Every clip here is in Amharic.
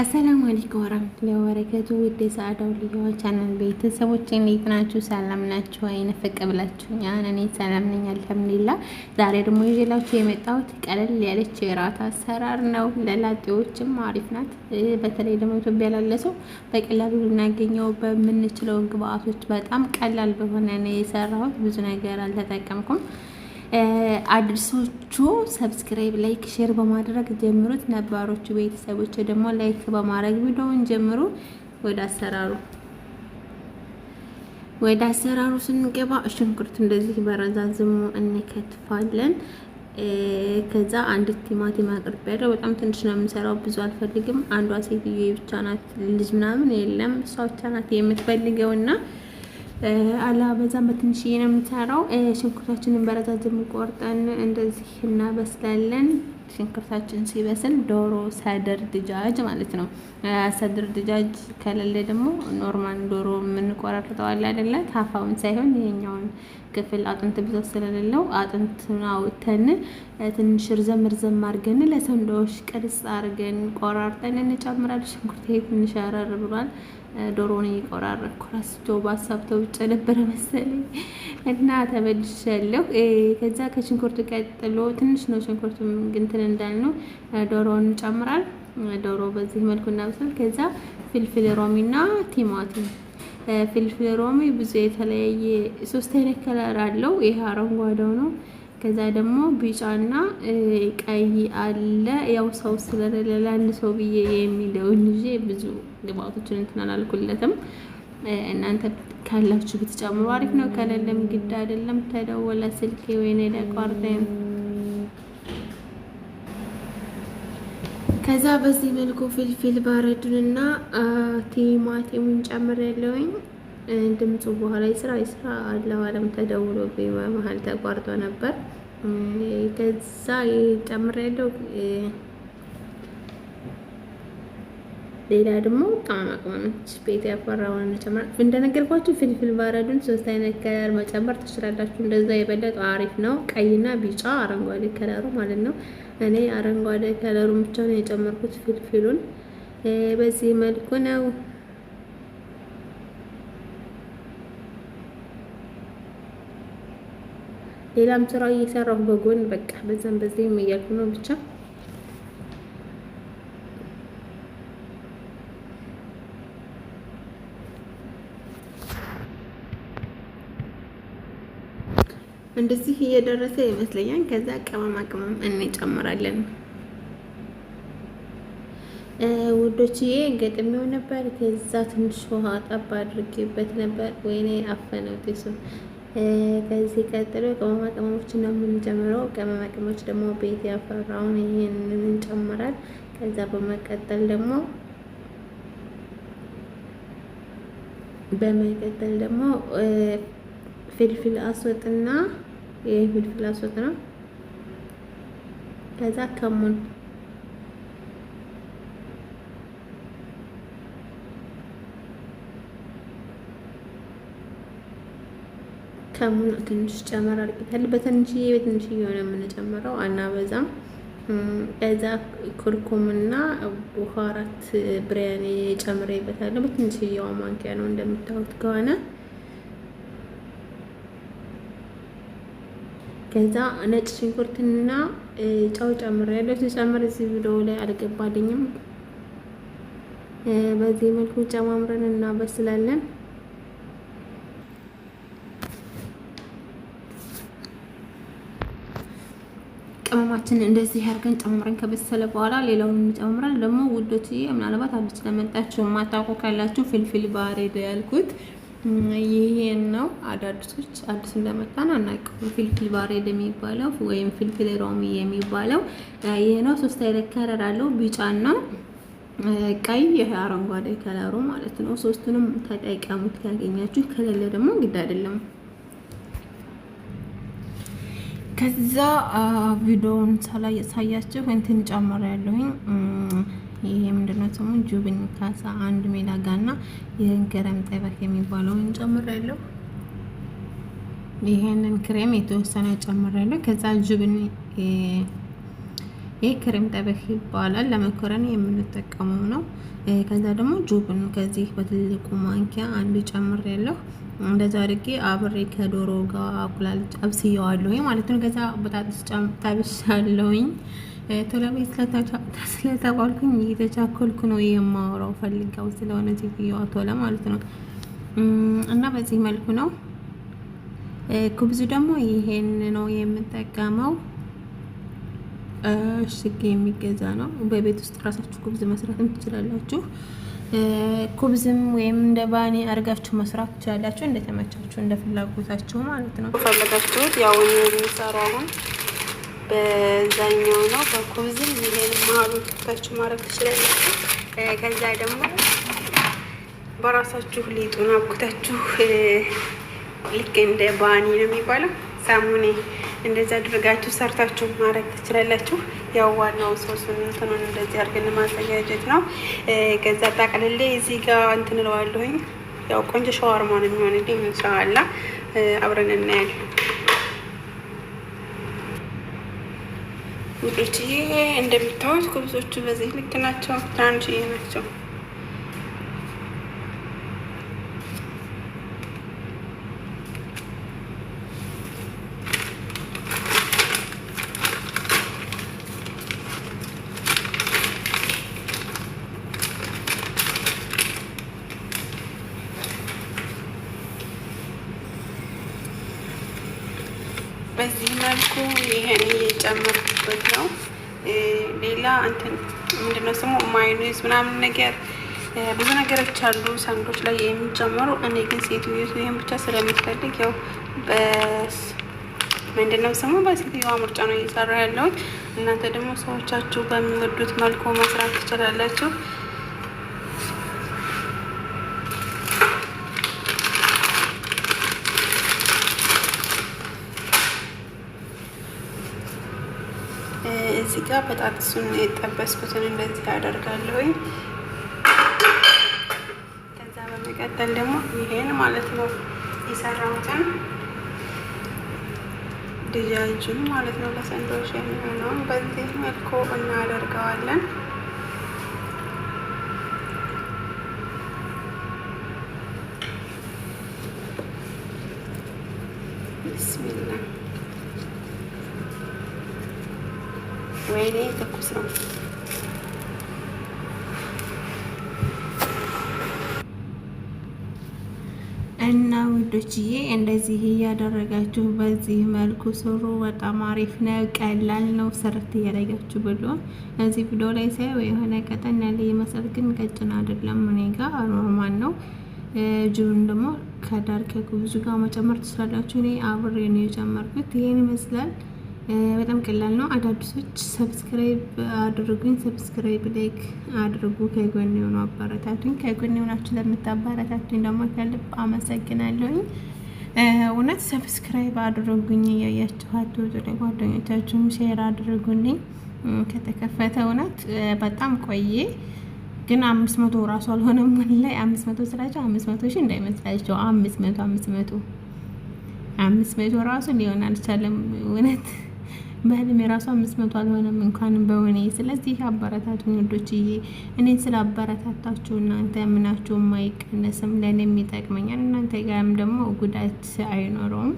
አሰላሙ አለይኩም ወራህመቱላሂ ወበረከቱ። ውድ የሰዓዳው ልዩ ቻናል ቤተሰቦች እንዴት ናችሁ? ሰላም ናችሁ? ፍቅ ብላችሁ እኔ ሰላም ነኝ አልሐምዱሊላህ። ዛሬ ደግሞ ይዤላችሁ የመጣሁት ቀለል ያለች የራት አሰራር ነው። ለላጤዎችም አሪፍ ናት። በተለይ ደግሞ ኢትዮጵያ ላለ ሰው በቀላሉ ልናገኘው በምንችለው ግብአቶች በጣም ቀላል በሆነ ነው የሰራሁት። ብዙ ነገር አልተጠቀምኩም። አዲሶቹ ሰብስክራይብ፣ ላይክ፣ ሼር በማድረግ ጀምሩት። ነባሮቹ ቤተሰቦች ደግሞ ላይክ በማድረግ ቪዲዮውን ጀምሩ። ወደ አሰራሩ ወደ አሰራሩ ስንገባ ሽንኩርት እንደዚህ በረዛዝሙ እንከትፋለን። ከዛ አንድ ቲማቲም ያለው በጣም ትንሽ ነው የምንሰራው፣ ብዙ አልፈልግም። አንዷ ሴትዮ ብቻ ናት፣ ልጅ ምናምን የለም። እሷ ብቻ ናት የምትፈልገውና አላ በዛም በትንሽ ነው የምንሰራው። ሽንኩርታችንን በረዛዝም ቆርጠን እንደዚህ እናበስላለን። ሽንኩርታችን ሲበስል ዶሮ ሰድር ድጃጅ ማለት ነው። ሰድር ድጃጅ ከሌለ ደግሞ ኖርማል ዶሮ የምንቆራርጠው አለ አይደለ? ታፋውን ሳይሆን ይሄኛውን ክፍል አጥንት ብዛት ስለሌለው አጥንቱን አውጥተን ትንሽ ርዘም ርዘም አድርገን ለሰንዶች ቅርጽ አድርገን ቆራርጠን እንጨምራለን። ሽንኩርት ይሄ ትንሽ ያረር ብሏል። ዶሮውን እየቆራረጥኩ ራስቸው በሀሳብ ተውጬ ነበረ መሰለኝ እና ተመልሻለሁ። ከዛ ከሽንኩርት ቀጥሎ ትንሽ ነው ሽንኩርት እንትን እንዳልነው ዶሮን ጨምራል። ዶሮ በዚህ መልኩ እናብሳል። ከዛ ፍልፍል ሮሚና ቲማቲም ፍልፍል ሮሚ ብዙ የተለያየ ሶስት አይነት ከለር አለው። ይሄ አረንጓዴው ነው ከዛ ደግሞ ቢጫና ቀይ አለ። ያው ሰው ስለሌለ ለአንድ ሰው ብዬ የሚለውን ይዤ ብዙ ግብአቶችን እንትን አላልኩለትም። እናንተ ካላችሁ ብትጨምሩ አሪፍ ነው። ከሌለም ግድ አይደለም። ተደወለ ስልኬ ወይኔ ደቋርደም ከዛ በዚህ መልኩ ፍልፍል ባረዱንና ቲማቲሙን ጨምር ያለውኝ ድምፁ በኋላ ይስራ ይስራ አለው ተደውሎ በመሀል ተቋርጦ ነበር። ከዛ ጨምር ያለው ሌላ ደግሞ ቅመማ ቅመሞች ቤት ያፈራውን መጨመር እንደነገርኳችሁ ፍልፍል ባረዱን ሶስት አይነት ከለር መጨመር ትችላላችሁ። እንደዛ የበለጠ አሪፍ ነው። ቀይና ቢጫ፣ አረንጓዴ ከለሩ ማለት ነው። እኔ አረንጓዴ ከለሩን ብቻ ነው የጨመርኩት ፍልፍሉን። በዚህ መልኩ ነው ሌላም ስራ እየሰራሁ በጎን በቃ በዛም በዚህ እያልኩ ነው ብቻ እንደዚህ እየደረሰ ይመስለኛል። ከዛ ቅመማ ቅመም እንጨምራለን። ውዶችዬ ገጥሜው ነበር። ከዛ ትንሽ ውሃ ጠብ አድርጌበት ነበር። ወይኔ አፈነው ቴሱን ከዚህ ቀጥሎ ቅመማ ቅመሞችን ነው የምንጨምረው። ቅመማ ቅመሞች ደግሞ ቤት ያፈራውን ይህንን እንጨምራል። ከዛ በመቀጠል ደግሞ በመቀጠል ደግሞ ፍልፍል አስወጥና ይህ ፍልፍል አስወጥ ነው። ከዛ ከሙን ከምኑ ትንሽ ጨመር አድርጌታለሁ። በትንሽዬ በትንሽዬ የሆነ የምንጨምረው አናበዛም። ከዛ ኩርኩምና ውሃ አራት ብሪያኒ ጨምሬበታለሁ። በትንሽዬዋ ማንኪያ ነው እንደምታዩት ከሆነ ከዛ ነጭ ሽንኩርትና ጨው ጨምሬያለሁ። ሲጨምር እዚህ ቪዲዮ ላይ አልገባልኝም። በዚህ መልኩ ጨማምረን እናበስላለን። ቅመማችን እንደዚህ አድርገን ጨምረን ከበሰለ በኋላ ሌላውን እንጨምረን። ደግሞ ውዶች ምናልባት አዲስ ለመጣችሁ ማታውቁ ካላችሁ ፍልፍል ባሬድ ያልኩት ይሄን ነው። አዳዲሶች አዲስ እንደመጣን አናውቅም። ፍልፍል ባሬድ የሚባለው ወይም ፍልፍል ሮሚ የሚባለው ይሄ ነው። ሶስት አይነት ከለር አለው። ቢጫ ነው ቀይ ይሄ አረንጓዴ ከለሩ ማለት ነው። ሶስቱንም ተጠቀሙት ያገኛችሁ። ከሌለ ደግሞ ግድ አይደለም። ከዛ ቪዲዮውን ሳላይ ሳያችሁ እንትን ጨምር ያለሁኝ ይሄ ምንድነው ስሙ ጁብኝ ካሳ አንድ ሜላጋ ጋና ይህን ክረም ጠበክ የሚባለውን ጨምረ ያለሁ። ይሄንን ክሬም የተወሰነ ጨምር ያለሁ። ከዛ ጁብኝ ይህ ክሬም ጠበክ ይባላል። ለመኮረን የምንጠቀመው ነው። ከዛ ደግሞ ጁብን ከዚህ በትልቁ ማንኪያ አንድ ጨምር ያለሁ። እንደዛ አድርጌ አብሬ ከዶሮ ጋር አቁላልጭ አብስየዋለሁኝ ማለት ነው። ከዛ በጣጥስ ጠብሻለሁኝ። ቶሎ ቤት ስለተባልኩኝ እየተቻኮልኩ ነው የማወራው ፈልጋው ስለሆነ ሴትዮዋ ቶሎ ማለት ነው። እና በዚህ መልኩ ነው ኩብዙ ደግሞ ይሄን ነው የምጠቀመው። እሽግ የሚገዛ ነው። በቤት ውስጥ ራሳችሁ ኩብዝ መስራትም ትችላላችሁ። ኩብዝም ወይም እንደ ባኔ አድርጋችሁ መስራት ትችላላችሁ። እንደተመቻችሁ እንደ ፍላጎታችሁ ማለት ነው። ፈለጋችሁት ያው የሚሰሩ አሁን በዛኛው ነው። በኩብዝም ይሄን መሀሉ ታችሁ ማድረግ ትችላላችሁ። ከዛ ደግሞ በራሳችሁ ሊጡን አብኩታችሁ ልክ እንደ ባኒ ነው የሚባለው ሳሙኔ እንደዚህ አድርጋችሁ ሰርታችሁ ማድረግ ትችላላችሁ። ያው ዋናው ሶሱን እንትኑን እንደዚህ አድርገን ማዘጋጀት ነው። ከዛ ጠቅልሌ እዚህ ጋር እንትን እለዋለሁኝ። ያው ቆንጆ ሸዋርማ ነው እንዲ እንሻላ አብረን እናያለን። ይሄ እንደምታዩት ኩብዞቹ በዚህ ልክ ናቸው። ትናንሽ ናቸው። ይሄን እየጨመርኩበት ነው። ሌላ እንትን ምንድነው ስሙ ማዮኔዝ ምናምን ነገር ብዙ ነገሮች አሉ ሳንዶች ላይ የሚጨመሩ። እኔ ግን ሴትዮዋ ይህን ብቻ ስለሚፈልግ ያው ምንድነው ስሙ በሴትዮዋ ምርጫ ነው እየሰራ ያለሁት። እናንተ ደግሞ ሰዎቻችሁ በሚወዱት መልኩ መስራት ትችላላችሁ። እዚህ ጋር በጣጥሱን የጠበስኩትን እንደዚህ አደርጋለሁኝ። ከዛ በመቀጠል ደግሞ ይሄን ማለት ነው የሰራሁትን ድጃጁን ማለት ነው ለሰንዶች የሚሆነውን በዚህ መልኩ እናደርገዋለን። ብስሚላ ወይኔ ትኩስ ነው። እና ውዶችዬ እንደዚህ እያደረጋችሁ በዚህ መልኩ ስሩ። በጣም አሪፍ ነው፣ ቀላል ነው። ሰርት እያደረጋችሁ ብሎ እዚህ ቪዲዮ ላይ ሳይ የሆነ ቀጠን ያለ ይመስል ግን ቀጭን አይደለም። እኔ ጋር ኖርማል ነው። ጅብን ደግሞ ከዳር ከጉብዙ ጋር መጨመር ትችላላችሁ። እኔ አብሬ ነው የጨመርኩት። ይሄን ይመስላል። በጣም ቀላል ነው። አዳዲሶች ሰብስክራይብ አድርጉኝ፣ ሰብስክራይብ ላይክ አድርጉ። ከጎን የሆኑ አበረታቱኝ። ከጎን የሆናችሁ ለምታበረታቱኝ ደግሞ ከልብ አመሰግናለሁኝ። እውነት ሰብስክራይብ አድርጉኝ። እያያችኋት ወጡ ለጓደኞቻችሁም ሼር አድርጉልኝ። ከተከፈተ እውነት በጣም ቆየ፣ ግን አምስት መቶ ራሱ አልሆነም። ላይ አምስት መቶ ስላቸው አምስት መቶ ሺ እንዳይመስላቸው አምስት መቶ አምስት መቶ አምስት መቶ ራሱ ሊሆን አልቻለም እውነት በህልም የራሱ አምስት መቶ አልሆነም እንኳንም በሆነ ስለዚህ አበረታቱኝ ውዶችዬ። እኔን ስለ አበረታታችሁ እናንተ ምናችሁ የማይቀነስም ለእኔም ይጠቅመኛል፣ እናንተ ጋርም ደግሞ ጉዳት አይኖረውም።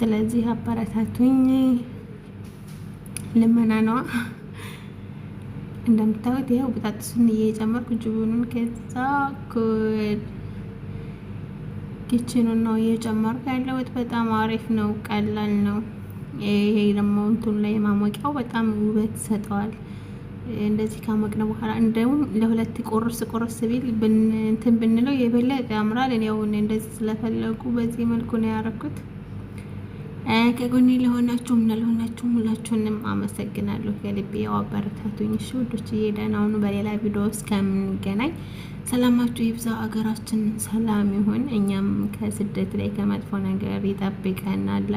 ስለዚህ አበረታቱኝ። ልመና ነዋ። እንደምታዩት ይኸው ብጣጥሱን እየጨመርኩ ጅቡኑን ከዛ ኪችኑን ነው እየጨመርኩ ያለሁት። በጣም አሪፍ ነው፣ ቀላል ነው። ይሄ ደግሞ እንትኑ ላይ ማሞቂያው በጣም ውበት ይሰጠዋል። እንደዚህ ካሞቅነው በኋላ እንደውም ለሁለት ቆርስ ቆርስ ቢል እንትን ብንለው የበለጠ ያምራል። እኔ አሁን እንደዚህ ስለፈለጉ በዚህ መልኩ ነው ያደረኩት። ከጎኔ ለሆናችሁ ለሆናችሁም ለሆናችሁ ሁላችሁንም አመሰግናለሁ ከልቤ። ያው አበረታቱኝ እሺ ውዶች። እየሄደን አሁኑ በሌላ ቪዲዮ እስከምንገናኝ ሰላማችሁ ይብዛ፣ አገራችን ሰላም ይሁን። እኛም ከስደት ላይ ከመጥፎ ነገር ይጠብቀናል።